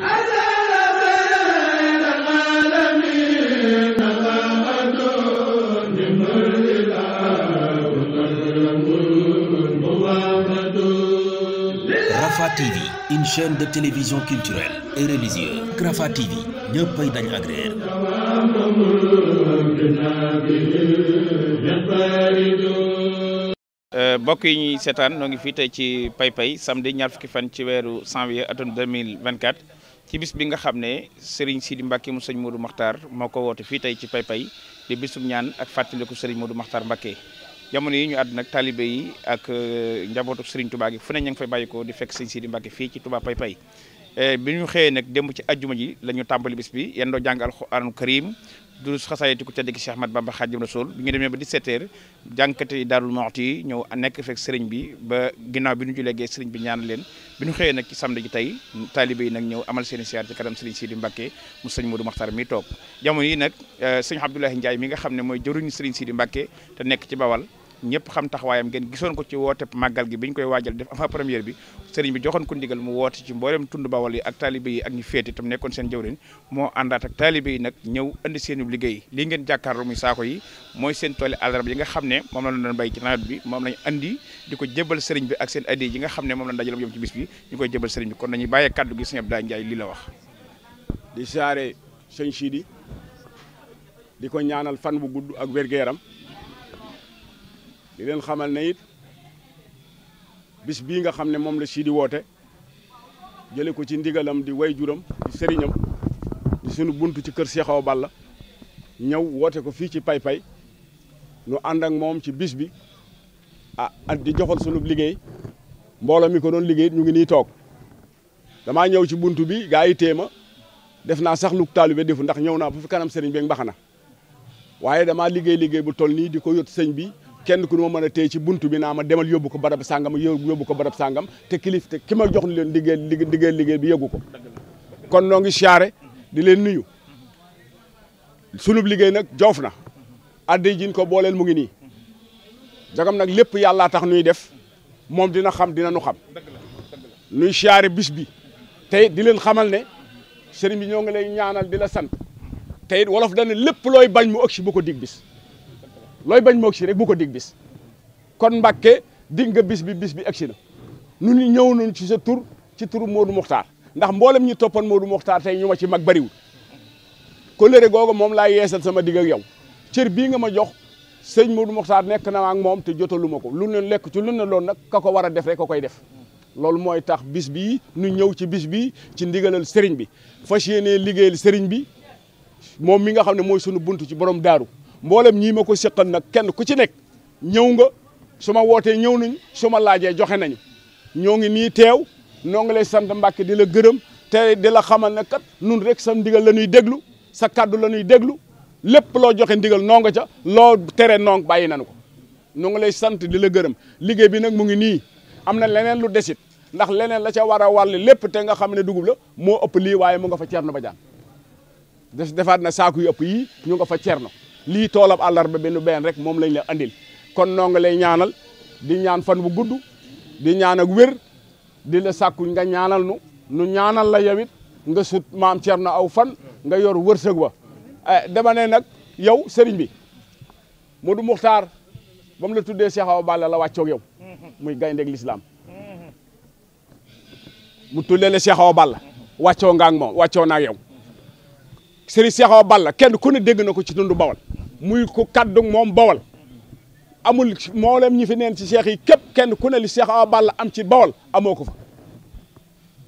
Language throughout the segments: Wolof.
Rafah TV une chaîne de télévision culturelle et religieuse Rafah TV ñëppay dañ agréer euh, mbokk yi ñuy seetaan noo ngi fii tey ci Paypay samedi ñaar fukki fan ci weeru janvier atum 2024 ci bis bi nga xam ne Serigne Sidi Mbacke mu sëñ Modou Makhtar moo ko woote fii tey ci pay di bisum ñaan ak fàttaliku Serigne du Makhtar Mbacke jamono yi ñu àdduna nag taalibe yi ak euh, njabootu Serigne Touba gi fu ne ña ngi fay bàyyikoo di fekk sëñ Sidi Mbacke fii ci pay pay euh, bi ñu xëyee nag démb ci ajjuma ji la ñu tàmbali bis bi yendoo jàng alxuraanu karim durus xasaayati ku tedd ki Cheikh Ahmad Bamba Xaadim Rasul bi ñu demee ba 17h jànkate yi Daarul Muxti yi ñëw nekk fekk sëriñ bi ba ginnaaw bi ñu juleegee sëriñ bi ñaan leen bi ñu xëyee nag ci samedi ji tey taalibé yi nag ñëw amal seeni siyaar ci kanam sëriñ Sidi Mbàkke mu sëñ Modou Maxtar mi toog jamono yi nag euh, sëñ Abdoulahi njaay mi nga xam ne mooy jëruñu sëriñ Sidi Mbàkke te nekk ci Bawal ñëpp xam tax taxawaayam ngeen gisoon ko ci woote màggal gi bi ñu koy waajal def avant première bi sëriñ bi joxoon ko ndigal mu woote ci mboolem tund bawal yi ak taalibe ak ñu féete tam nekkoon seen jëwriñ moo àndaat ak taalibe yi nag ñëw indi seenu liggéey lii ngeen jàkkaarloo muy saako yi mooy seen tooli àllarba yi nga xam ne moom la doon béy ci nawet bi moom lañ andi di ko jébal sëriñ bi ak seen addi yi nga xam ne moom lañ dajale jëm ci bis bi ñu koy jébal sëriñ bi kon dañuy bàyyee kàddu gi sëñ Abdoulaye Ndiaye lii la wax di saare sëñ di ko ñaanal fan bu gudd ak wér yaram di leen xamal ne it bis bii nga xam ne moom la Sidi woote jële ko ci ndigalam di way juram di sëriñam di sunu buntu ci kër Cheikh Awa Balla ñëw woote ko fii ci pay pay nu ànd ak moom ci bis bi ah ak di joxal sunu liggéey mbooloo mi ko doon liggéey ñu ngi nii toog damaa ñëw ci buntu bi gaa yi ma def naa sax lu taalibe defu ndax ñëw naa bu fi kanam sëriñ bi mbaxana waaye damaa liggéey liggéey bu toll nii di ko yot sëñ bi kenn ku ne ma mën a téye ci buntu bi naa ma demal yóbbu ko barab sàngam yóbbu ko barab sàngam te kilif te ki jox ni leen liggéey liggéey liggéey bi yëgu ko kon noo ngi siyaare di leen nuyu sunub liggéey nag joof na addi jin ko booleel mu ngi nii jagam nag lépp yàllaa tax nuy def moom dina xam dina nu xam nuy siyaare bis bi tey di leen xamal ne sëriñ bi ñoo ngi lay ñaanal di la sant tey it wolof dana lépp looy bañ mu ëgg si bu ko dig bis looy bañ moog si rek bu ko dig bis kon mbakke dig nga bis bi bis bi si na nu ñëw nañ ci sa tur ci tur Modou Mokhtar ndax mboolem ñi toppoon Modou Mokhtar tey ñu ci mag bariwul kóllëre googu moom laa yeesal sama digg ak yow cër bii nga ma jox sëñ Modou Mokhtar nekk na ak moom te jotalu ma ko lu ne lekk ci lu ne loon nag ka ko war a def rek ka koy def loolu mooy tax bis bii nu ñëw ci bis bii ci ndigalal sëriñ bi fas yéenee liggéeyal sëriñ bi moom mi nga xam ne mooy sunu buntu ci borom daaru mboolem ñii ma ko séqan nag kenn ku ci nekk ñëw nga su ma wootee ñëw nañu su ma laajee joxe nañu ñoo ngi nii teew noo ngi lay sant Mbàkke di la gërëm te di la xamal ne kat nun rek sa ndigal la ñuy déglu sa kàddu la ñuy déglu lépp loo joxe ndigal noo nga ca loo tere noong bàyyi nañu ko noo ngi lay sant di la gërëm liggéey bi nag mu ngi nii am na leneen lu desit ndax leneen la ca war a wàll lépp te nga xam ne dugub la moo ëpp lii waaye mu nga fa ceerno ba jaan des defaat na saaku yu yii ñu nga fa ceerno lii toolab àllarba bi nu benn rek moom lañu la andil kon noo nga lay ñaanal di ñaan fan bu gudd di ñaan ak wér di la sàkku nga ñaanal nu nu ñaanal la yow it nga sut maam Thierno aw fan nga yor wërsëg ba eh, dama ne nag yow sëriñ bi Modou Muxtaar ba mu la tuddee Cheikh Awa Balla la wàccoog yow muy gayndeeg lislaam mu tuddee la Cheikh Awa Balla wàccoo nga ak moom wàccoo naa yow Serigne Cheikh Awa Balla kenn ku ne dégg na ko ci dundu bawal muy ku kaddu moom bawal amul mboolem ñi fi neen ci cheikh yi képp kenn ku ne li Cheikh Awa Balla am ci bawal amoo ko fa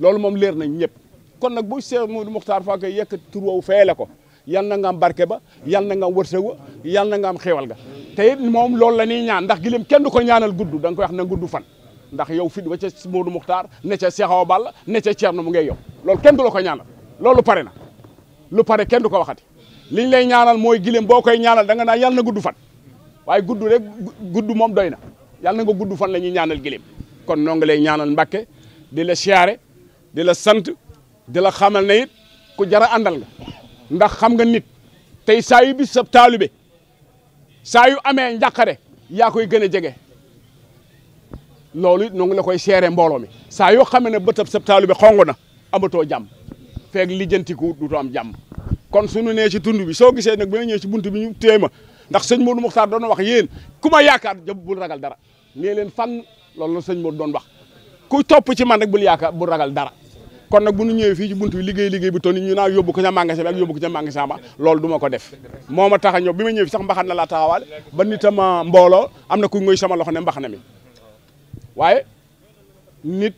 loolu moom leer nañ ñëpp kon nag bu Cheikh Mouhamadou Mokhtar Fakke yekk tur woowu feele ko yal na nga barke ba yal na nga am wërsëg wa na nga am xéewal ga te it moom loolu la ñuy ñaan ndax gilim kenn du ko ñaanal gudd da nga koy wax na gudd fan ndax yow fit ba ca Mouhamadou Mokhtar ne ca Cheikh Awa Balla ne ca Thierno mu ngay yow loolu kenn du la ko ñaanal loolu pare na lu pare kenn du ko waxati liñ lay ñaanal mooy gileem boo koy ñaanal danga naa naan na gudd fan waaye gudd rek gudd moom doy na yàlla na nga gudd fan la ñuy ñaanal gileem kon noo lay ñaanal Mbàkke di la siyaare di la sant di la xamal ne it ku jara àndal nga ndax xam nga nit tey saa yu bis sa taalibe saa yu amee njàqare yaa koy gën a jege loolu it noo la koy seere mbooloo mi saa yoo xam ne bëtab sa taalibe xong na amatoo jàmm feeg lijjantiku du am jàmm kon suñu nee ci tund bi soo gisee nag ba ñëw ci bunt bi ñu téye ma ndax sëñ Modou Mokhtar doon wax yéen ku ma yaakaar jëm bul ragal dara nee leen fan loolu la sañ Modou doon wax ku topp ci man rek bul yaakaar bul ragal dara kon nag bu ñu ñëwee fii ci bunt bi liggéey liggéey bi tonni ñu na yóbbu ko ca mangase bi ak yóbbu ko loolu du ma ko def moo ma tax a ñëw bi ma ñëw fi sax mbaxan na laa taxawaale ba nitam mbooloo am na ku ngoy sama loxo ne mbaxana mi waaye nit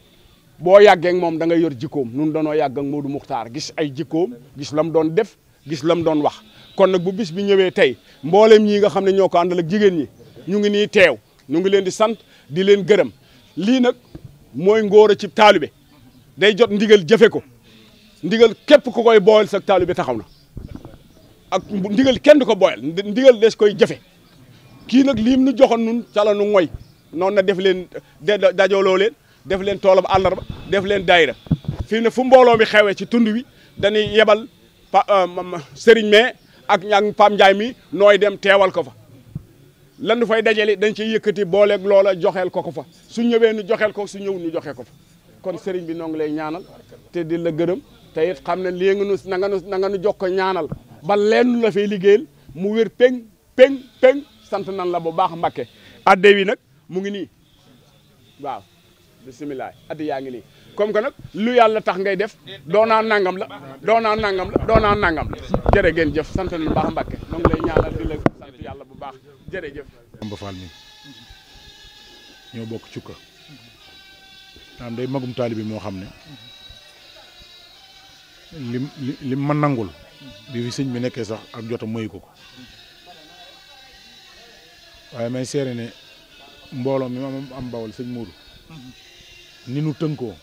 boo yàggee moom da yor jikkoom nun danoo yàgg ak Modou Moukhtar gis ay jikkoom gis lam doon def gis lam doon wax kon nag bu bis bi ñëwee tey mboolem ñii nga xam ne ñoo ko àndal jigéen ñi ñu ngi nii teew ñu ngi leen di sant di leen gërëm lii nag mooy ngóor a ci taalibe day jot ndigal jëfe ko ndigal képp ku koy booyal sa taalibe taxaw na ak ndigal kenn du ko booyal ndigal des koy jëfe kii nag liim nu joxoon nun cala nu ngoy noonu na def leen dajoloo leen def leen toolam àllarba def leen daayira fii ne fu mbooloo mi xewee ci tund wi dañuy yebal pa sëriñ euh, mais ak ña Pam Ndiaye mi nooy dem teewal ko fa lan du fay dajale dañ ciy yëkkati booleeg loola joxeel ko ko fa su ñëwee nu joxeel ko su ñëw nu joxee ko fa kon sëriñ bi noo ngi lay ñaanal te di la gërëm te it xam ne lii nga nu nanga nu na jox ko ñaanal ba lenn la fay liggéeyal mu wér peng peng peng sant nan la bu baax Mbakke adde wi nag mu ngi nii waaw bisimilah addi yaa ngi nii comme que nag lu yàlla tax ngay def doonaa nangam la doonaa nangam la doonaa nangam la jërë ngeen jëf sant nañu baax Mbàkke ma lay ñaanal di la sant yàlla bu baax jërëjëf. Demba Fall mi ñoo bokk cukka naam day magum taalibi moo xam ne lim lim ma nangul bi fi sëñ bi nekkee sax ak jota mayu ko ko waaye may seere ne mbooloo mi ma am bawal sëñ Mourou. ni nu tënkoo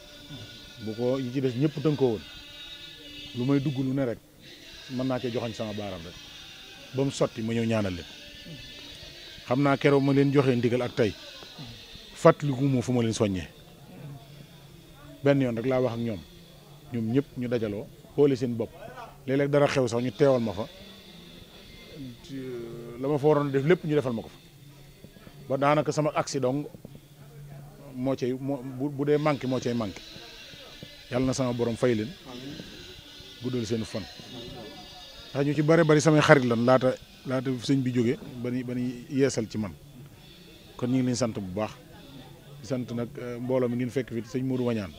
bu ko yi ci des ñëpp tënkoo woon lu may dugg lu ne rek mën naa cee joxañ sama baaram rek ba mu sotti ma ñëw ñaanal leen xam naa keroog ma leen joxee ndigal ak tey fàttaliku ma fu ma leen soññee benn yoon rek laa wax ak ñoom ñoom ñëpp ñu dajaloo xoole seen bopp léeg dara xew sax ñu teewal ma fa euh, la ma fooroon waroon lépp ñu defal ma ko fa ba daanaka sama accident moo cay moo bu dee manqué moo cay manqué yàlla na sama boroom fay leen bu guddal seen fon ndax ñu ci bare bari samay xarit lan laata laata sëñ bi jóge ba ni ba ni yeesal ci man kon ñu ngi leen sant bu baax sant nag eh, mbooloo mi ngeen fekk fi sëñ Modou Wañaan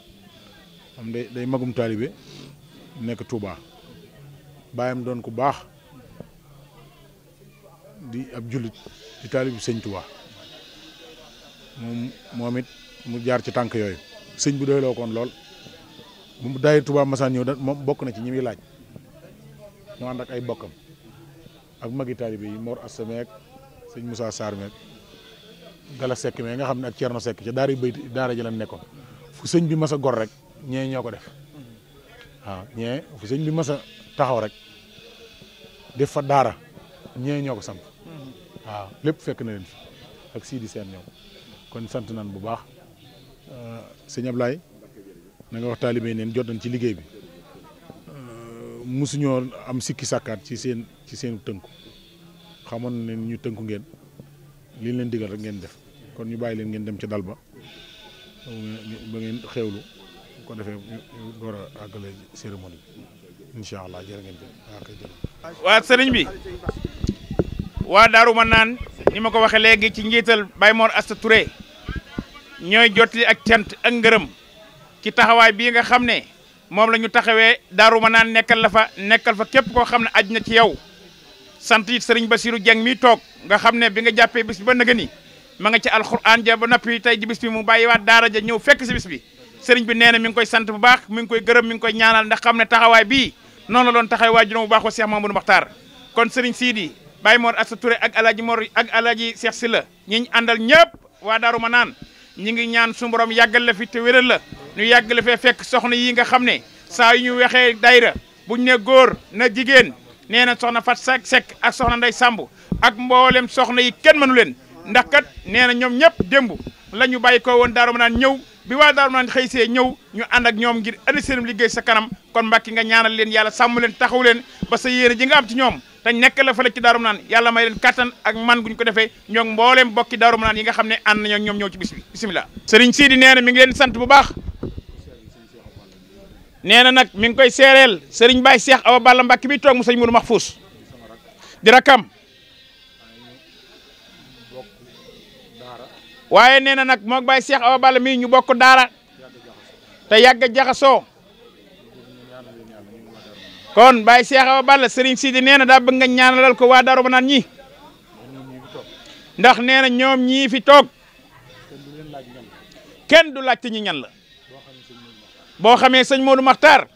am day day magum taalibe nekk Touba baayam doon ku baax di ab jullit di taalibu sëñ Touba moom moom it mu jaar ci tànk yooyu sëñ bi doyloo koon lool mu daay Touba Masaan ñëw da moom bokk na ci ñi muy laaj mu ànd ak ay bokkam ak magi taalibe yi Mor Assa sëñ Moussa Sarr meek Gala Seck meek nga xam ne ak Thierno Seck ca daara bay daara ji la nekkoon fu sëñ bi mas a gor rek ñee ñoo ko def waaw ñee fu sëñ bi mas a taxaw rek def fa daara ñee ñoo ko samp mm-hmm. waaw lépp fekk na leen fi ak Sidi Seen ñëw kon sant nan bu baax Euh, sëñ Ablaye na nga wax taalibe yi neen jot nañ ci liggéey bi euh, mosuñoo am sikki sàkkaat ci seen ci seen tënku xamoon ne ñu tënku ngeen li leen digal rek ngeen def kon ñu bàyyi leen ngeen dem ca dal ba ba ngeen xewlu ko defee ñu door a àggale cérémonie bi incha allah jërë ngeen jëf waa sëriñ bi waa Daaru Manaan ni ma ko waxee léegi ci njiital Baye Mor Asta ñooy jotli ak cant ak ngërëm ci taxawaay bii nga xam ne moom la ñu taxawee Daaru naan nekkal la fa nekkal fa képp koo xam ne aj na ci yow sant sëriñ ba Basiru Jeng mi toog nga xam ne bi nga jàppee bis bi ba nëga ni ma nga ci alxuraan ja ba noppi tey ji bis bi mu bàyyiwaat daara ja ñëw fekk si bi sëriñ bi nee na mi ngi koy sant bu baax mi ngi koy gërëm mi ngi koy ñaanal ndax xam ne taxawaay bii noonu la doon taxawaay juróom bu baax wa Cheikh Mamadou Makhtar kon sëriñ Sidi Baye Mor Assa Touré ak alaaji Mor ak alaaji Cheikh Silla ñi ñu àndal ñëpp waa Daaru Manaan ñi ngi ñaan suñu borom yàggal la fi te wéral la ñu yàgg la fee fekk soxna yi nga xam ne saa yu ñu weexee dayra bu buñ ne góor na jigéen nee na soxna Fat Seck ak soxna Ndey Samb ak mboolem soxna yi kenn mënu leen ndax kat nee na ñoom ñëpp démb la ñu bàyyi ko woon Daaru Manaan ñëw bi waa Daaru Manaan xëy see ñëw ñu ànd ak ñoom ngir andi liggéey sa kanam kon Mbàkke nga ñaanal leen yàlla sàmm leen taxaw leen ba sa yéene ji nga am ci ñoom te nekk la fële ci Daaru Manaan yàlla may leen kattan ak man guñ ko defee ñoo mbooleem bokki Daaru Manaan yi nga xam ne ànd nañoo ñoom ñëw ci bis bi bisimilah. Serigne Sidi nee na mi ngi leen sant bu baax nee na nag mi ngi koy seereel Serigne Baye seex Awa Balla Mbacke bi toog mu sëñ Mourou Mahfous di rakam waaye nee na nag moog Baye Cheikh Awa Balla mii ñu bokk daara te yàgg jaxasoo kon Baye Cheikh Awa Balla Serigne Sidi nee na daa bëgg nga ñaanalal ko waa Darou Manane ñi ndax nee na ñoom ñii fi toog kenn du laajte ñi ñan la boo xamee sëñ Modou Makhtar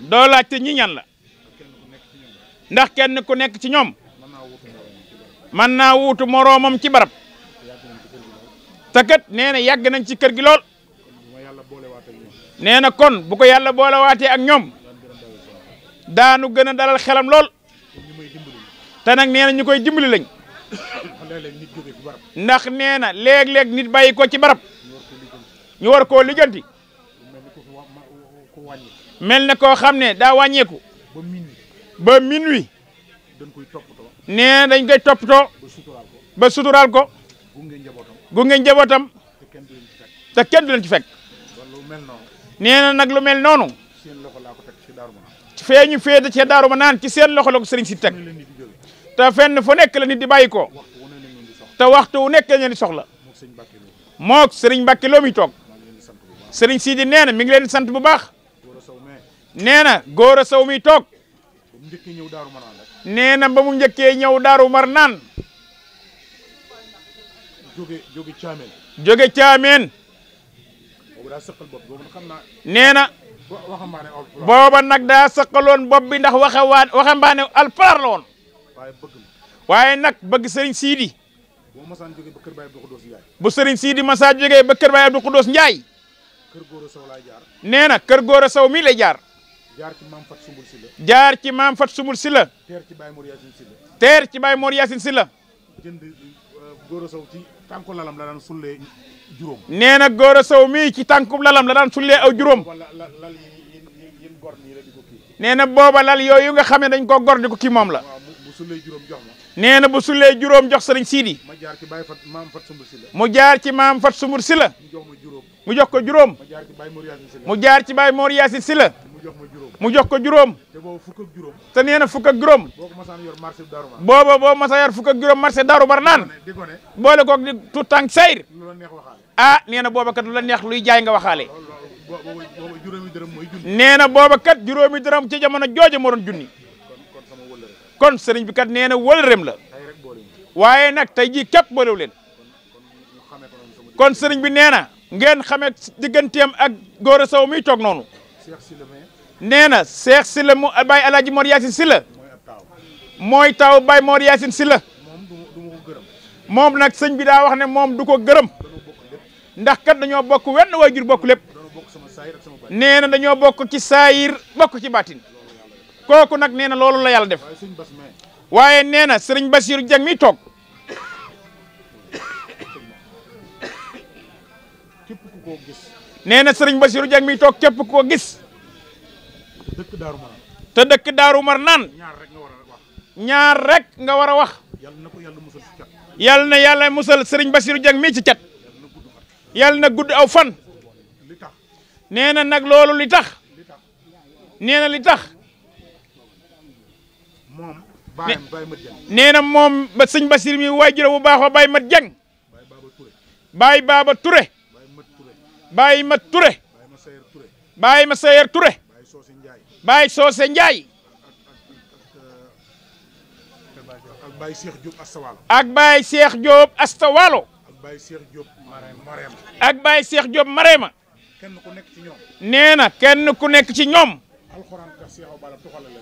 doo laajte ñi ñan la ndax kenn ku nekk ci ñoom mën naa wuutu moroomam ci barab te kat nee yàgg nañ ci kër gi lool nee na kon bu ko yàlla boolewaatee ak ñoom. daanu gën a dalal xelam lool te nag nee ñu koy dimbali lañ ndax nee na léeg-léeg nit bàyyi ko ci barab ñu war koo lijjanti mel na koo xam ne daa wàññeeku ba minuit nee na dañ koy toppatoo ba suturaal ko gunge njabootam te kenn du leen ci fekk nee na nag lu mel noonu fee ñu féete ca daaru ma naan ci seen loxo la ko sëriñ si teg te fenn fu nekk la nit di bàyyi ko te waxtu wu nekk la leen di soxla moog sëriñ Mbàkke loo muy toog sëriñ Sidi nee na mi ngi leen di sant bu baax nee na góor a saw mi toog nee na ba mu njëkkee ñëw daaru mar naan jóge caameen nee na booba nag daa saqaloon bopp bi ndax waxawaan waxambaane alpulaar la woon waaye nag bëgg sëriñ siidi bu sëriñ siidi masaa jógee ba kër baay Abdou Khoudous Njaay nee na kër góor a saw mii lay jaar jaar ci maam fat sumul si la jaar ci maam fat sumul si la teer ci baay Mor Yaasin si la teer ci baay Mor Yaasin si la jënd euh, tànku lalam la daan juróom. nee na Gora Sow mii ci tànku lalam la daan sullee aw juróom. nee na booba lal yooyu nga xam ne dañ ko gor di ko ki moom la. nee na bu sullee juróom jox sëriñ Sidi. mu jaar ci Baye Fat maam Fat si la. mu jaar ci maam Fat Sumbur si la. mu jox ko juróom. mu jaar ci baay Mor Yaasin si la. mu jox ko juróom. te boobu fukk ak juróom. te nee na fukk ak juróom. boo ko yor marché Darou Marnaan. booba boo masaan yor fukk ak juróom marché Darou Marnaan. di ko ne boole koog di tout tànk sayr. lu la neex waxaale. ah nee na booba kat lu la neex luy jaay nga waxaale. nee na booba kat juróomi dërëm ci jamono jooja moo doon junni. kon seriñ bi kat nee na wëlërem la. waaye nag tey jii képp boolewu leen. kon sëriñ bi nee na. ngeen xamee digganteem ak góor saw sow mi toog noonu. nee na Seex Sylla mu Baye El Hadj Mor Yacine Sylla mooy taw Baye Mor Yacine Sylla moom nag sëñ bi daa wax ne moom du ko gërëm ndax kat dañoo bokk wenn waajur bokku lépp nee na dañoo bokk ci saayir bokk ci baatin kooku nag nee na loolu la yàlla def waaye nee na sëriñ Basiru Jang mi toog nee na sëriñ Basiru Jang mi toog képp ku ko gis. dëkk te dëkk Daaru Marnaan ñaar rek nga ñaar rek nga war a wax yàlla na ko yàlla musal ci cat yàlla na yàlla musal Serigne Bassirou Dieng mii ci cat yàlla na gudd aw fan li nee na nag loolu li tax nee na li tax moom nee na moom ba sëñ Bassirou mi waajur bu baax wa Baye Mat Dieng Baye Baba Touré Baye Mat Touré Baye Mat Touré Baye Masayer Touré Baye Soosi Njaay Baye Socé Ndiaye. ak Baye Cheikh Diop Astawalo. ak Baye Cheikh Diop Astawalo. ak Baye Cheikh Diop Marema. ak Baye Cheikh Diop Marema. kenn ku nekk ci ñoom. nee na kenn ku nekk ci ñoom.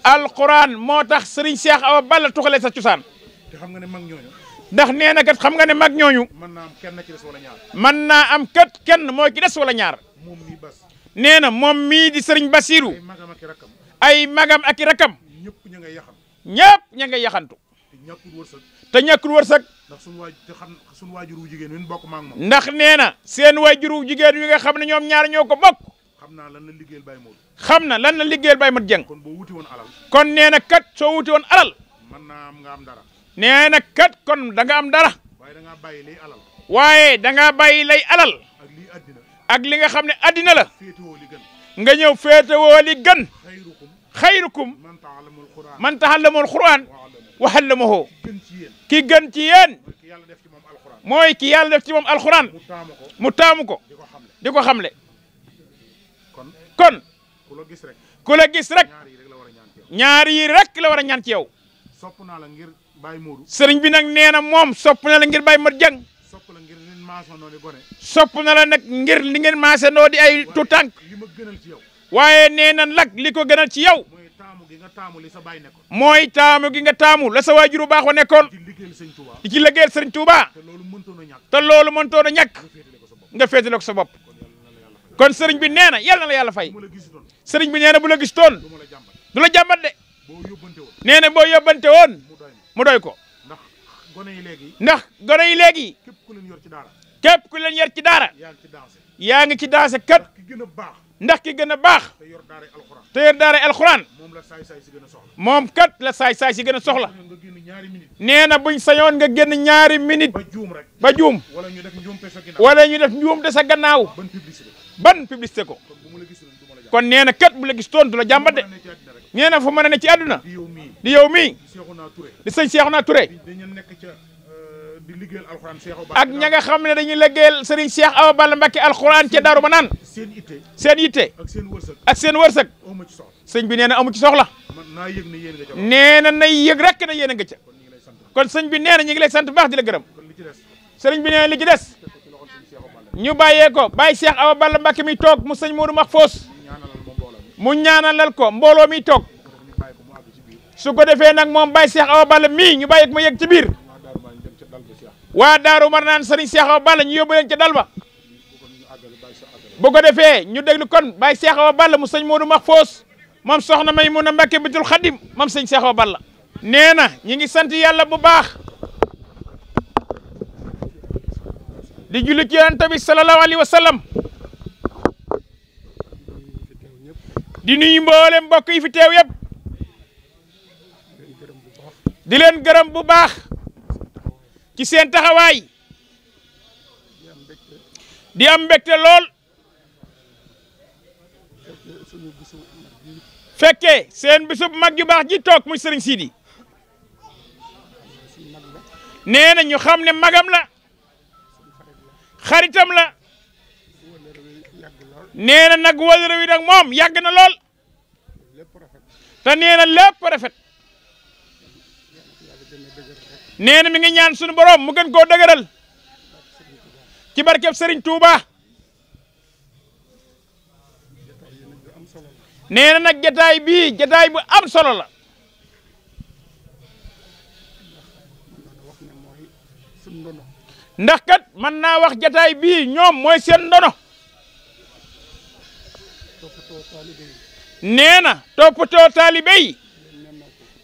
alxuraan moo tax Serigne Cheikh Awa Balla tuxale sa cosaan. te xam nga ne mag ñooñu. ndax nee na kat xam nga ne mag ñooñu. mën naa am kenn ci des wala ñaar. mën naa am kenn moo ci des wala ñaar. nee na moom mii di sëriñ Basiru ay magam ak i rakam ñëpp ña ngay yaxantu ñëpp ña ngay yaxantu te ñàkkul wërsëg ndax suñu waaj te xam suñu waajuru jigéen wi bokk maag ndax nee na seen waajuru jigéen wi nga xam ne ñoom ñaar ñoo ko bokk xam naa lan la liggéeyal Baye Modou xam na lan la liggéeyal Baye Modou Dieng kon boo wuti woon alal kon nee na kat soo wuti woon alal mën naa am nga am dara nee na kat kon danga am dara waaye da ngaa lay alal waaye da ngaa bàyyi lay alal ak li nga xam ne addina la nga ñëw féetewoo li gën xayrukum man taxallamul quraan wa allamahu ki gën ci yéen mooy ki yàlla def ci moom alxuraan mu taamu ko di ko xam xamle kon ku gis rek ñaar yi rek la war a ñaan ci yow sëriñ bi nag nee na moom sopp na la ngir bàyyi mat jàng sopp na la nag ngir li ngeen maase noo di ay tu tànk waaye nee na nag li ko gënal ci yow mooy taamu gi nga taamu la sa waajuru baax wa nekkoon di ci liggéeyal sëriñ Tuuba te loolu mëntoon a ñàkk nga féetale ko sa bopp kon sëriñ bi nee na yàlla na la yàlla fay sëriñ bi nee na bu la gis toon du la jàmbat de nee na boo yóbbante woon mu doy ko ndax gone yi léegi. képp ku leen yor ci daara képp ku leen yar ci daara yaa ngi ci daase kat ndax ki gën a baax te yor daaray alxuraan te yor daaray alxuraan moom la saay saay si gën a soxla moom kat la saay saay si gën a soxla nee na buñ sañoon nga génn ñaari minit ba juum rek ba juum wala ñu def njuum te sa ginnaaw wala ñu def njuum te sa gannaaw ban publicité ban publicité ko kon nee na kat bu la gis toon du la jàmbat de nee na fu mën a ne ci àdduna di yow mii di sëñ Seexuna Ture ak ña nga xam ne dañuy liggéeyal Serigne Cheikh Awa Balla Mbacké alxuraan ca Daaru Manaan seen yitte ak seen wërsëg sëñ bi nee amu ci soxla nee na nay yëg rek na yéen a nga ca kon sëñ bi nee na ñu ngi lay sant bu baax di la gërëm sëriñ bi nee li ci des ñu bàyyee ko bàyyi Cheikh Awa Balla Mbacké mi toog mu sëñ Modou Mahfous mu ñaanalal ko mbooloo mi toog su ko defee nag moom bàyyi Cheikh Awa Balla mii ñu bàyyi ko yëg ci biir waa daaru mar naan sëriñ Cheikh Awa Balla ñu yóbbu leen ca dal ba bu ko defee ñu déglu kon Baye Cheikh Balla mu sëñ Modou Mahfous moom soxna may mun a Mbàkke bitul xadim moom sëñ Cheikh Awa Balla nee na ñi ngi sant yàlla bu baax di julli ci yonent bi sallallahu alayhi wa sallam di nuyu mboolem mbokk yi fi teew yëpp di leen gërëm bu baax ci seen taxawaay di am mbégte lool fekkee seen bisub mag ju baax ji toog muy sëriñ Sidi nee na ñu xam ne magam la xaritam la nee na nag wala wi nag moom yàgg na lool te nee na lépp rafet nee na mi ngi ñaan suñu borom mu gën koo dëgëral ci barkeb Serigne Touba nee na nag jataay bii jataay bu am solo la ndax kat mën naa wax jataay bii ñoom mooy seen ndono nee na toppatoo taalibe yi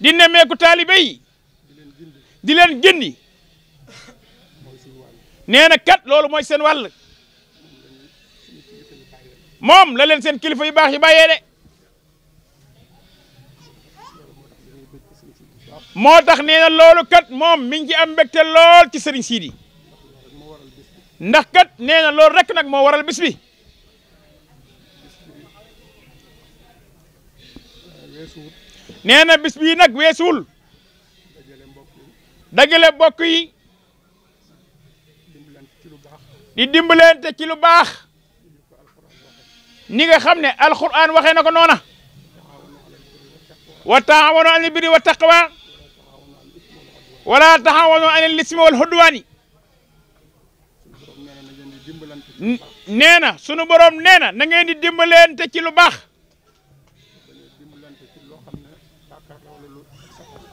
di nemmeeku taalibe dileen leen génni nee kat loolu mooy seen wàll moom la leen seen kilifa yi baax yi bàyyee de moo tax nee loolu kat moom mi ngi ci am mbégte lool ci sëriñ Sidi ndax kat nee na loolu rek nag moo waral bis bi nee na bis nag weesuwul dëgg la bokk yi di dimbalante ci lu baax ni nga xam ne alquran waxee na ko noona wa taawanu anil birri wa taqwa wala taawanu anil ismi wal hudwani nee na sunu borom nee na na ngeen di dimbalante ci lu baax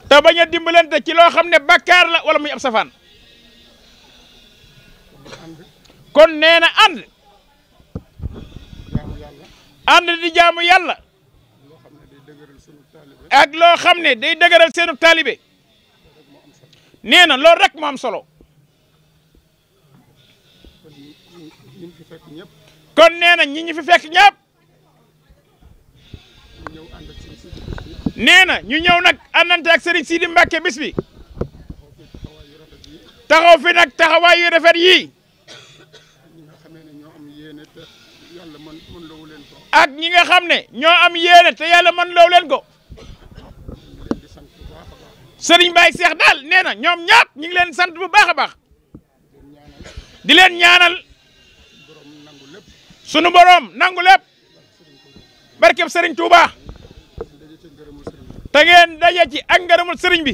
te bañ a dimbalante ci loo xam ne bakaar la wala muy ab safaan kon nee na ànd ànd di jaamu yàlla ak loo xam ne day dëgëral seenu taalibe nee na loolu rek moo am solo kon nee na ñi fi fekk ñëpp nee na ñu ñëw nag àndante ak Serigne Sidi Mbacke bis bi taxaw fi nag taxawaay yu rafet yii ak ñi nga xam ne ñoo am yéene te yàlla man loo leen ko Serigne Baye Cheikh daal nee na ñoom ñaar ñu leen sant bu baax a baax di leen ñaanal sunu boroom nangu lépp barkeb Serigne Touba. te ngeen daje ci ak ngërëmul sëriñ bi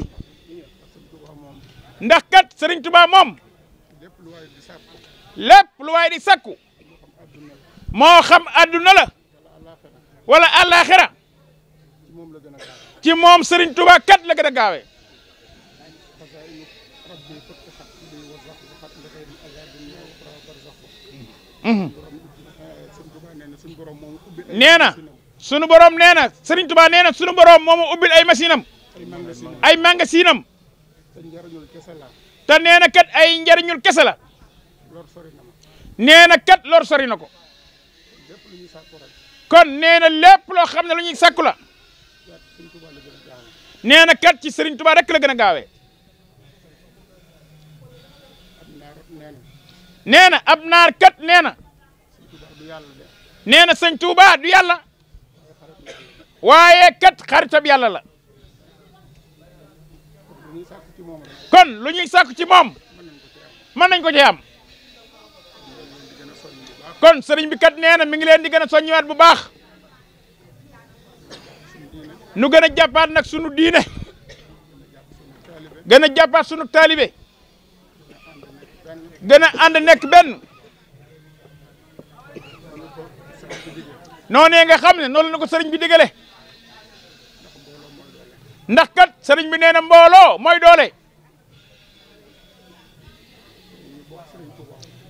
ndax kat sëriñ Tuubaa moom lépp lu waay di sakku moo xam adduna la wala àllaaxira ci moom sëriñ Tuubaa kat la gën a gaawee nee sunu borom nee na Serigne Touba nee sunu borom moom ma ubbil ay masinam ay magasinam te nee na kat ay njariñul kese la nee na kat lor sori na ko kon nee na loo xam ne lu ñuy sàkku la nee na kat ci Serigne Touba rek la gën a gaawee na ab naar kat nee na nee na sëñ Touba du yàlla. waaye kat xaritab yàlla la kon lu ñuy sàkku ci moom mën nañ ko ci am kon sëriñ bi kat nee na mi ngi leen di gën a soññiwaat bu baax nu gën a jàppaat nag sunu diine gën a jàppaat sunu taalibe gën a ànd nekk benn noonee nga xam ne noonu la ko sëriñ bi digale ndax kat sëriñ bi nee na mbooloo mooy doole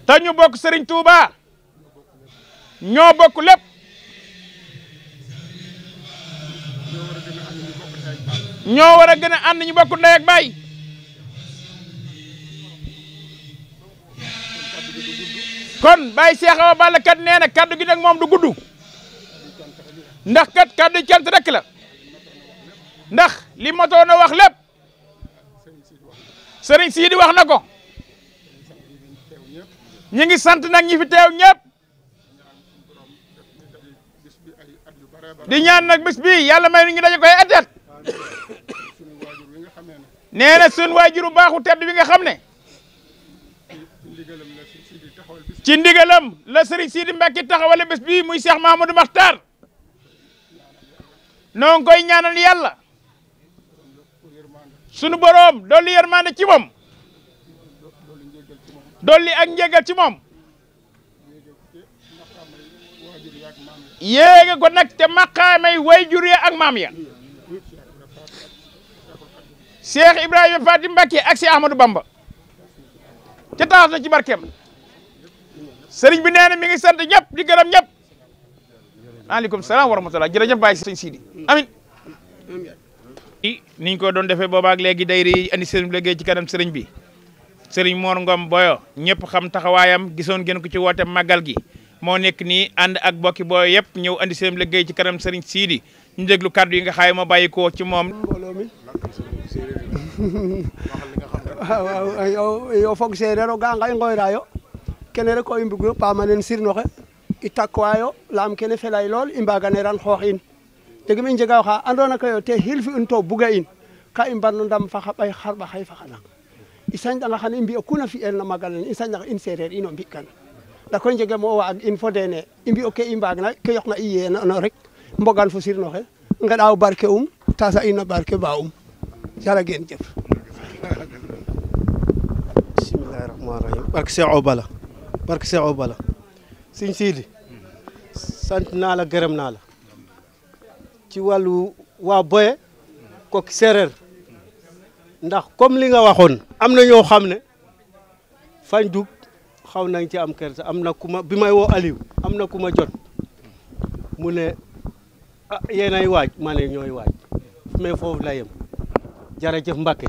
te bokk sëriñ Touba ñoo bokk lépp ñoo war a gën a ànd ñu bokk ndey ak baay kon Baye Cheikh Balla kat nee na kaddu gi nag moom du gudd ndax kat kaddu cant rek ndax li matoon a wax lépp sëriñ Sidi wax na ko ñi ngi sant nag teew ñëpp di ñaan nag bis bi yàlla may nu ñu daje koy atet nee na sun waajuru baaxu nga xam ne ci la sëriñ Sidi Mbacke taxawale bés bii muy Cheikh Mahamadou Makhtar noo ngi koy ñaanal yàlla sunu boroom dolli yërmande ci moom dolli ak njëgal ci moom yéege ko nag te maqaamay wayjur ya ak maam ya Cheikh Ibrahima Fatim Mbacké ak Cheikh Ahmadou Bamba te taas na ci barkeem sëriñ bi nee na mi ngi sant ñëpp di gërëm salaam wa rahmatulah jërëjëf Baye Sëñ Sidi amin i niñ ko doon defee boobaak léegi day ri andi sëriñ bi liggéey ci kanam sëriñ bi sëriñ Mor Ngom Boyo ñëpp xam taxawaayam gisoon ngeen ko ci woote màggal gi moo nekk ni ànd ak bokki Boyo yëpp ñëw andi sëriñ bi liggéey ci kanam sëriñ Siidi ñu déglu kàddu yi nga xaay ma bàyyi ko ci moom yo fog seereer o ga anga i ngoyrayo kene rek o i mbugu paama nen sirnoxe i takwayo laam kene felay lool i mbaganeran xoox dege min jega oxa andoona koy te xilfi'un to buga'in ka i mbarno ndam fa xa ɓay xarɓaxay xay fa xa ɗaq i sañ'anga xan i mbi'a ku na na magal ne i sañ'anga in seereer ino mbi'kan ndaa koy njegee mo waag in fo dene i mbi'o ke i mbaagna ke yoqna i yeeno rek mbogan fo sirno xe nqeɗa o barke um tasa in barke ba um jaragen jëf bismilahi rahman rahim barke Cheikh bala barke Cheikh sant naa la gërëm ci wàllu waa Boye kooku séeréer ndax comme li nga waxoon am na ñoo xam ne fañ dug xaw nañ ci am kersa am na ku bi may wo Aliou am na ku ma jot mu ne ah yéenay waaj ma ne ñooy waaj mais foofu la yem jërëjëf mbake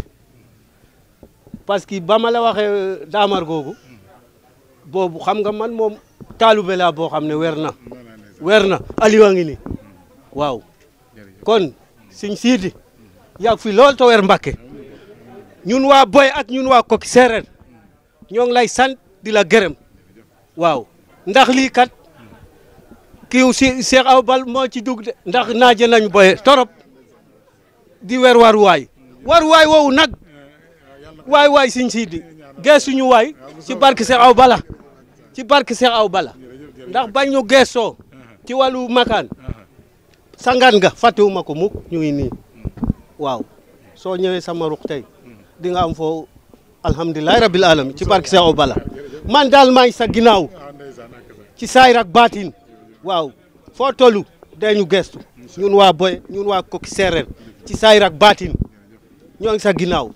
parce que ba ma la waxee euh, daamar googu boobu xam nga man moom taalube laa boo xam ne weer na weer na Aliou a ngi nii waaw kon sëñ siidi yàgg fi lool te weer Mbàkke ñun waa Boy ak ñun waa Koki Séeréer ñoo ngi lay sant di la gërëm waaw ndax lii kat kiiw si Cheikh Awa Bal moo ci dugg de ndax naaje nañu Boy torop di weer waruwaay waruwaay wow nag waay waay sëñ siidi geesuñu waay ci barke Cheikh Awa Bala ci barke Cheikh Awa Bala ndax bañ ñu geesoo ci wàllu makaan sangaan nga fàttewuma ko mukk ñu ngi nii waaw soo ñëwee sama ruq tey di am foo alhamdulilahi rabil alamin ci barke Seex Bala man daal maa ngi sa ginnaaw ci saayir ak baatin waaw foo tollu dañu gestu ñun waa boy ñun waa Koki Seereer ci saayir baatin ñoo ngi sa ginnaaw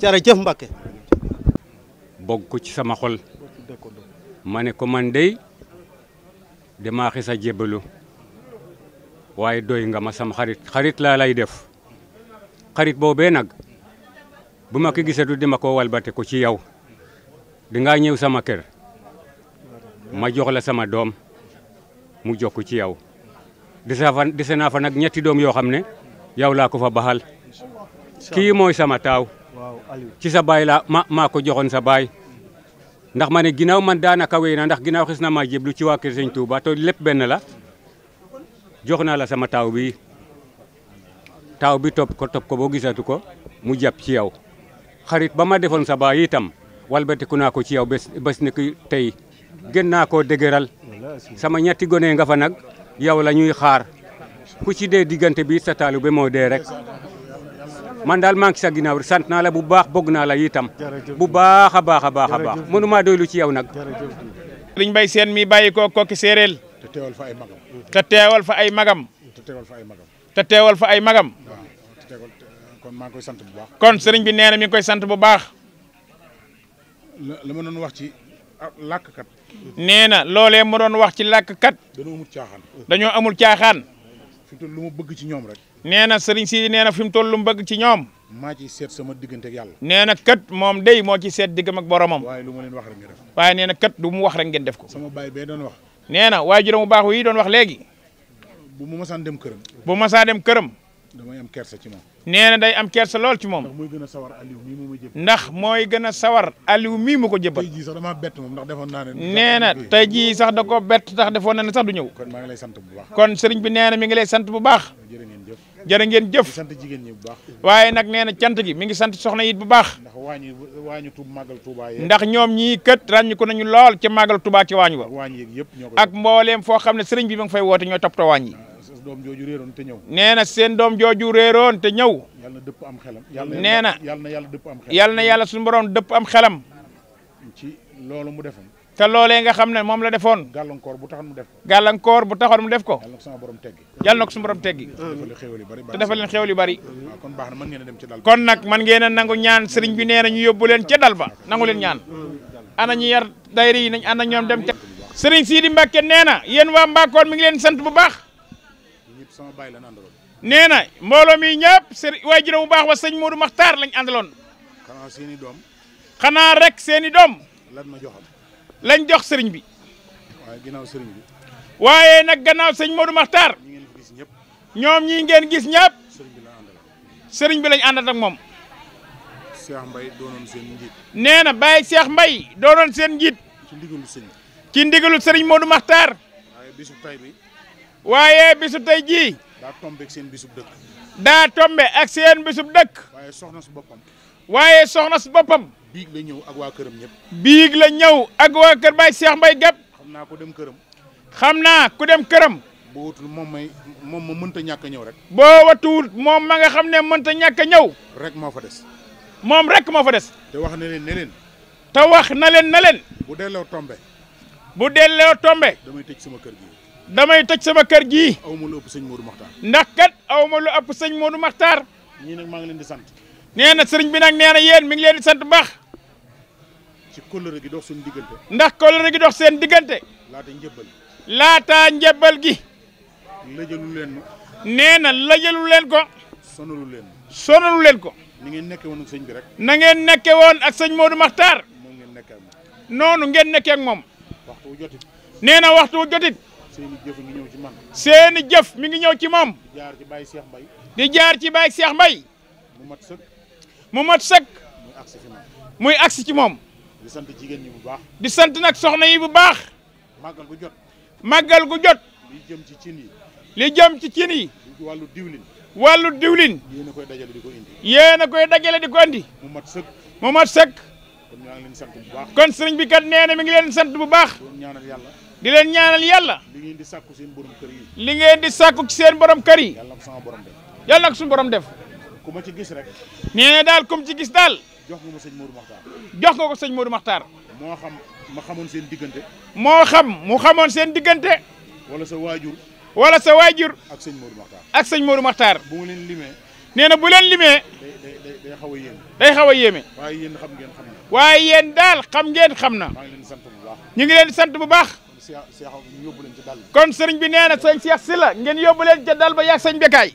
jërëjëf Mbakke bokk ko ci sama xol ma ko man dey damaa xis a jébalu waaye doy nga ma sam xarit xarit la lay def xarit boo boobee nag bu ma ko gisatu dima ko walbate ko ci yow dingaa ñëw sama kër ma jox la sama doom mu jokk ci yow dese fa dese naa fa nag ñetti doom yoo xam ne yow laa ko fa baxal kii mooy sama taaw ci sa baay laa ma maa ko joxoon sa baay ndax ma ne ginnaaw man daanaka wéy na ndax ginnaaw xis na maa jéblu ci waa kër Sëñ Tuuba to lépp benn la jox naa la sama taaw bi taaw bi topp ko topp ko boo gisatu ko mu jàpp ci yow xarit ba ma defoon sa baay itam walbatiku naa ko ci yow bés bés ni tey gën naa koo dëgëral sama ñetti gone nga fa nag yow la ñuy xaar ku ci dee diggante bi sa taalu ba moo dee rek man daal maa ngi sa ginnaaw sant naa la bu baax bëgg naa la itam bu baax a baax a baax a mënu maa doylu ci yow nag. liñ bay seen mi bàyyi ko kokki séeréel teewal fa ay teewal fa ay magam. te teewal fa ay magam. te teewal fa ay magam. kon maa ngi koy sant bu baax. kon sëriñ bi nee na mi koy sant bu baax. la ma doon wax ci ah, làkkat. nee na loolee mu doon wax ci làkkat. dañoo amul caaxaan. dañoo amul caaxaan. fi bëgg ci ñoom rek. nee na sëriñ si nee na fi mu toll lu mu bëgg ci ñoom. maa ci seet sama diggante ak nee na kat moom day moo ci seet diggam ak boromam. waaye lu ma leen wax rek ngeen def. waaye nee na kat du mu wax rek ngeen def ko. sama baay bee doon wax. nee na waajuram bu baax wi doon wax léegi. bu mu masaan dem kërëm boo masaa dem këram. damay am kersa ci moom. nee na day am kersa lool ci moom. ndax mooy gën a sawar Aliou mii mu ndax mooy gën a sawar Aliou mii mu ko jëbbal. tey jii sax bett moom ndax defoon naa ne. nee na tey jii sax da ko bett tax defoon na ne sax du ñëw. kon maa ngi lay sant bu baax. kon sëriñ bi nee mi ngi lay sant bu baax. jërë ngeen jëf. jërë ngeen jëf sant jigéen ñi bu baax waaye nag nee na cant gi mi ngi sant soxna yit bu baax ndax waañu waañu tub màggal Touba yi ndax ñoom ñii kët ràññiku nañu lool ce màggal Touba ci waañ wa waañ yëpp ñoo ak mboolem foo xam ne sëriñ bi ma ngi fay woote ñooy toppatoo waañ yi ah, doom jooju réeroon te ñëw nee na seen doom jooju réeroon te ñëw yàlla na dëpp am xelam nee na yàlla na yàlla dëpp am xelam na yàlla suñu borom dëpp am xelam ci loolu mu defoon te loolee nga xam ne moom la defoon. gàllankoor bu taxoon mu def gàllankoor bu taxoon mu def ko. yàlla na ko sama borom teggi. yàlla na ko sama borom teggi. te dafa leen xéwal yu bari. Mm. kon baax na mën ngeen a dem ci dal kon nag mën ngeen a nangu ñaan sëriñ bi nee na ñu yóbbu leen ca dal ba nangu leen ñaan. Mm. ana ñu yar dayri yi nañ ànd ak ñoom dem ca. sëriñ Sidi mbakke nee na yéen waa Mbackoon mi ngi sant bu baax. nee na mbooloo mi ñëpp sëriñ waaye juróom bu baax wa sëñ Modou Makhtar lañ àndaloon. xanaa rek seeni doom lan ma joxoon lañ jox sëriñ bi. waaye gannaaw waaye nag gannaaw sëñ Modou Makhtar. ñi ñëpp. ñoom ñii ngeen gis ñëpp. sëriñ bi lañ àndal. sëriñ bi lañ àndal ak moom. Cheikh Mbaye doonoon seen nee na Baye Cheikh Mbaye doonoon seen njiit. ci ndigalu sëriñ. ci ndigalu sëriñ Modou Makhtar. waaye bisu tey bi. waaye bisu tey jii. daa tombe ak seen bisub dëkk. ak seen bisub dëkk. waaye soxna su boppam. waaye soxna su boppam. biig la ñëw ak waa këram ñëpp. biig la ñëw ak waa kër Baye Cheikh Mbaye Guèye. xam naa ku dem këram. xam naa ku dem këram. boo watul moom may moom ma mënta ñàkk a ñëw rek. boo watuwul moom ma nga xam ne mënta ñàkk a ñëw. rek moo fa des. moom rek moo fa des. te wax na leen ne leen. te wax na leen na leen. bu delloo tombe. bu delloo tombe. damay tëj sama kër gi. damay toj sama kër gii. aw ma lu ëpp sëñ Modou Makhtar. ndax kat aw ma lu ëpp sëñ Modou Makhtar. ñii nag maa ngi leen di sant. nee na sëriñ bi nag nee na yéen mi ngi leen di sant bu baax. ci kóllëre gi dox seen diggante. ndax kóllëre gi dox seen diggante. laata njëbbal. laata njëbbal gi. lëjalu leen ma. nee na lëjalu leen ko. sonalu leen ma. leen ko. ni ngeen nekke woon ak sëñ bi rek. na ngeen nekke woon ak sëñ Modou Makhtar. moom ngeen nekkee ak moom. noonu ngeen nekkee moom. waxtu wu nee na waxtu wu jotit. seeni jëf mi ngi ñëw ci man. seeni jëf mi ngi ñëw ci moom. di jaar ci Baye Cheikh Mbaye. di mu mat sëkk. mat sëkk. muy agsi ci ci moom. di sant jigéen ñi bu baax. di sant nag soxna yi bu baax. màggal gu jot. màggal gu jot. li jëm ci cin yi. li jëm ci cin yi. wàllu diwlin. wàllu diwlin. yéen a koy dajale di ko indi. yéen a koy dajale di ko indi. mu mat sëkk. mu mat sëkk. kon ñaa ngi leen sant bu baax. kon bi kat nee na mi ngi leen sant bu baax. di leen ñaanal yàlla. di leen ñaanal yàlla. li ngeen di sàkku seen borom kër yi. li ngeen di sàkku ci seen borom kër yi. yàlla nag sama borom yàlla nag suñu borom def. ku ma ci gis rek. nee daal comme ci gis daal. jox nga ma sëñ Modou Makhtar. jox nga ko sëñ Modou Makhtar. moo xam ma xamoon seen diggante. moo xam mu xamoon seen diggante. wala sa waajur. wala sa waajur. ak sëñ Modou Makhtar. ak sëñ Modou Makhtar. bu mu leen limee. nee na bu leen limee. day day day xaw a day xaw a yéeme. waaye yéen xam ngeen xam na. waaye yéen daal xam ngeen xam na. maa ngi leen di sant ñu ngi leen di sant bu baax. kon sëriñ bi nee na sëñ Cheikh Sylla ngeen yóbbu leen ca dal ba yàgg sëñ Bekaay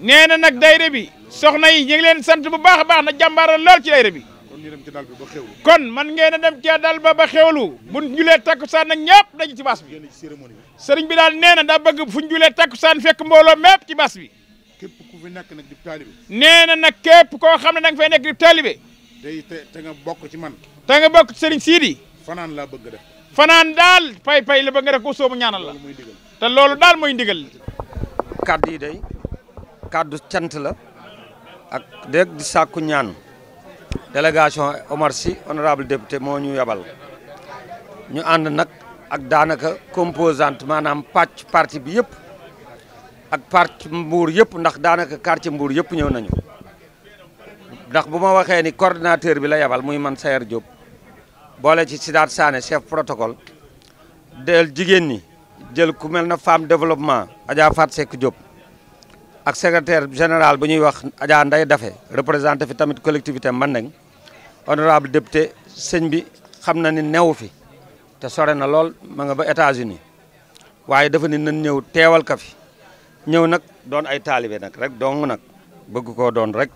nee na nag dayre bi soxna yi ñu leen sant bu baax a baax na jàmbaaral lool ci dayre bi kon man ngeen a dem ca dal ba ba xewlu bu ñu julee takkusaan nag ñëpp dañu ci bas bi seriñ bi daal nee na daa bëgg fu ñu julee takkusaan fekk mbooloo mépp ci bas bi képp ku fi nekk nag di taalibe nee na nag képp koo xam ne da nga fay nekk di taalibe day te nga bokk ci man te nga bokk ci sëriñ Sidi fanaan laa bëgg def fanaan daal pay pay la ba nga def ko soobu ñaanal la te loolu daal mooy ndigal kàddu yi day kàddu cant la ak dégg di sàkku ñaan délégation Omar Sy honorable député moo ñu yabal ñu ànd nag ak daanaka composante maanaam pàcc parti bi yëpp ak pàcc mbuur yëpp ndax daanaka quartier mbuur yëpp ñëw nañu ndax bu ma waxee ni coordinateur bi la yabal muy man Sayer Diop boole ci Sidaat Sané chef protocole del jigéen ñi jël ku mel na femme développement Adja Fat Seck Diop ak secrétaire général bu ñuy wax Adja Ndeye Dafe représenté fi tamit collectivité Mandeng honorable député sëñ bi xam na ni newu fi te sore na lool ma nga ba États-Unis waaye dafa ni nan ñëw teewal ka fi ñëw nag doon ay taalibe nag rek dong nag bëgg ko doon rek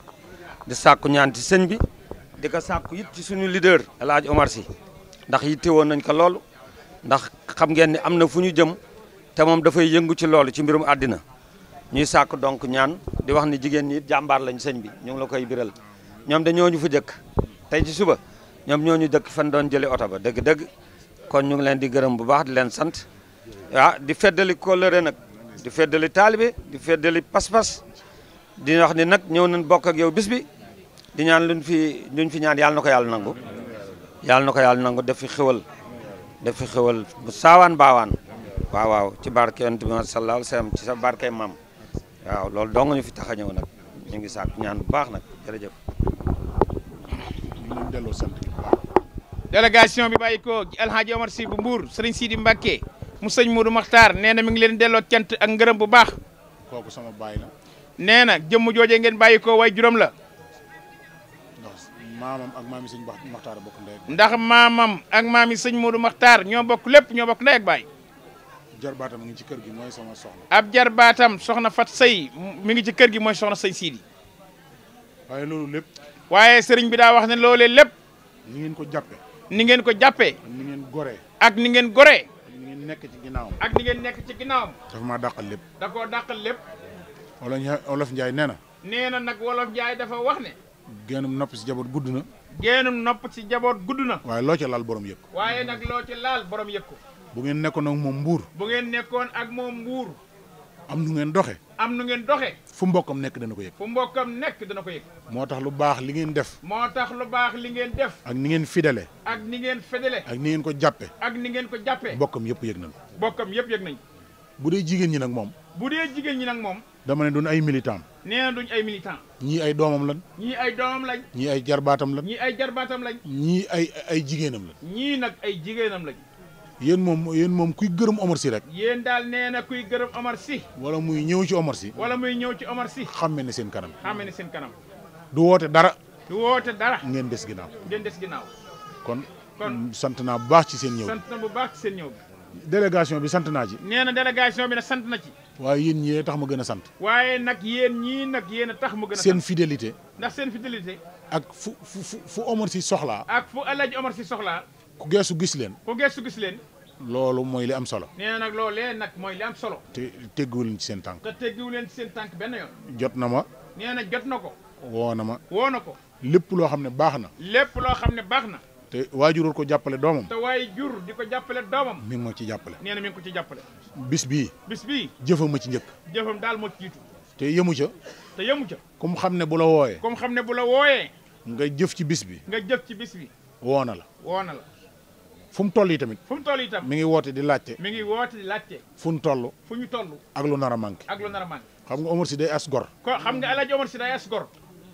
di sàkku ñaan ci sëñ bi di ko sàkku it ci suñu leader El Hadj Omar Sy ndax yitte woon nañ ko loolu ndax xam ngeen ni am na fu ñu jëm te moom dafay yëngu ci loolu ci mbirum àddina ñuy sàkk donc ñaan di wax ni jigéen ñi jàmbaar lañ sëñ bi ñu ngi la koy biral ñoom dañoo ñu fu jëkk tey ci suba ñoom ñoo ñu dëkk fan doon jëlee oto ba dëgg-dëgg kon ñu ngi leen di gërëm bu baax di leen sant ah di feddali kóllëre nag di feddali taalibe di feddali pas-pas di wax ni nag ñëw nañ bokk ak yow bis bi di ñaan luñ fi luñ fi ñaan yàlla na ko yàlla nangu yàlla na ko yàlla nangu def fi xewal def fi xewal bu saawaan baawaan waaw waaw ci barke yonent bi sallallahu ci sa barke maam waaw loolu dong ñu fi tax a ñëw nag ñu ngi sàkk ñaan bu baax nag jërëjëf. ñu delloo sant bu bi bàyyi ko Alhaji Omar Sy bu Mbour Serigne Sidi Mbacké mu sëñ Modou Makhtar nee na mi ngi leen delloo cant ak ngërëm bu baax. kooku sama baay la. nee na jëmm joojee ngeen bàyyi ko way juróom la. ndax maamam ak maam sëñ Maxtaar bokk ndey. ndax maamam ak maami sëñ Modou Makhtar ñoo bokk lépp ñoo bokk ndey ak baay. jarbaatam mi ngi ci kër gi mooy sama soxna. ab jarbaatam soxna Fat Sey mi ngi ci kër gi mooy soxna Sey Sidi. waaye loolu lépp. waaye sëriñ bi daa wax ne loolee lépp. ni ngeen ko jàppee. ni ngeen ko jàppee. ak ni ngeen goree. ak ni ngeen goree. ak ni ngeen nekk ci ginnaawam. ak ni ngeen nekk ci ginnaawam. dafa maa dàqal lépp. da koo dàqal lépp. olof Njaay nee na. nee na nag wolof Njaay dafa wax ne. geenum nopp si jaboot gudd na. geenum nopp si jaboot gudd na. waaye loo ca laal borom yëg ko. waaye nag loo ca laal borom yëg ko. bu ngeen nekkoon ak moom mbuur bu ngeen nekkoon ak moom am nu ngeen doxe am nu ngeen doxe fu mbokkam nekk dana ko yëg fu mbokkam nekk dana ko yëg moo tax lu baax li ngeen def moo tax lu baax li ngeen def ak ni ngeen fidèle ak ni ngeen fidèle ak ni ngeen ko jàppe ak ni ngeen ko jàppe mbokkam yëpp yëg nañ mbokkam yëpp yëg nañ bu dee jigéen ñi nag moom bu dee jigéen ñi nag moom dama ne duñ ay militant nee na duñ ay militant ñii ay doomam lañ ñii ay doomam lañ jarbaatam lañ ñii ay jarbaatam lañ ñii ay ay jigéenam lañ ñii nag ay jigéenam lañ yéen moom yéen moom kuy gërëm Omar Sy rek yéen daal nee na kuy gërëm Omar Sy wala muy ñëw ci Omar Sy wala muy ñëw ci Omar Sy xàmme ne seen kanam xàmme ne seen kanam du woote dara du woote dara ngeen des ginaaw ngeen des ginaaw kon kon sant naa bu baax ci seen ñëw sant bu baax seen ñëw bi délégation bi sant naa ci nee na délégation bi nag sant na ci waaye yéen ñi tax ma gën a sant waaye nag yéen ñii nag yéen a tax ma gën a seen fidélité ndax seen fidélité ak fu fu fu omor si soxla ak fu El Hadj Omar Sy soxlaa ku geesu gis leen ku geesu gis leen loolu mooy li am solo. nee nag loolee nag mooy li am solo. te tegguwu leen ci seen tànk. te tegguwu leen ci seen tànk benn yoon. jot na ma. nee na jot na ko. woo na ma. woo na ko. lépp loo xam ne baax na. lépp loo xam ne baax na. te waajurul ko jàppale doomam. te waaye jur di ko jàppale doomam. mi ngi ci jàppale. nee na ko ci jàppale. bis bii. bis bii. jëfam ma ci njëkk. jëfam daal moo ci te yëmu ca. te yëmu ca. comme xam ne bu la wooyee. comme xam ne bu la wooyee. nga jëf ci bis bi. nga jëf ci bis bi. woo na la. fu mu toll yi tamit. fu mu toll mi ngi woote di laajte. mi ngi woote di laajte. fu mu toll. fu ñu toll. ak lu nar ak xam nga Omar si day as gor. ko xam nga El Hadj Omar Sy as gor.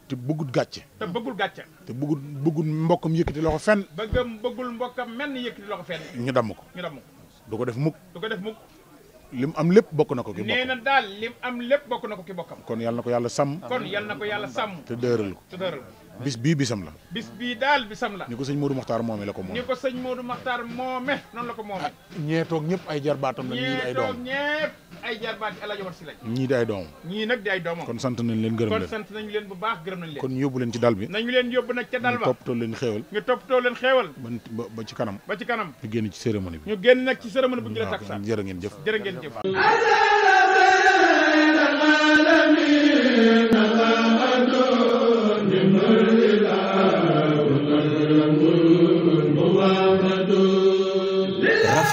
te bëggul gàcce. te bëggul gàcce. te bëggul bëggul mbokkam yëkkati loxo fenn. bëggam bëggul mbokkam menn yëkkati loxo ñu damm ko ñu damm ko. du ko def mukk. du ko lim am lépp bokk na ko ki bokkam am lépp bokk na ko ki bokkam. kon yàlla ko yàlla sàmm. te dëral ko bis bii bisam la bis bii daal bisam la ni ko sëñ Modou Makhtar moome la ko ko sëñ Modou Makhtar moome noonu la ko moome ñee toog ñëpp ay jarbaatam la ñii ay doom ay jarbaat ñii di ay doomam ñii nag di ay doomam kon sant nañ leen gërëm leen kon sant nañ kon yóbbu leen ci dal bi nañu leen yóbbu nag ca dal ba ñu toppatoo leen xéewal ñu toppatoo leen xéewal ba ba ci kanam ba ci kanam ñu génn ci cérémonie bi ñu génn nag ci cérémonie bu ñu la tax sax jërë ngeen jëf jërë ngeen jëf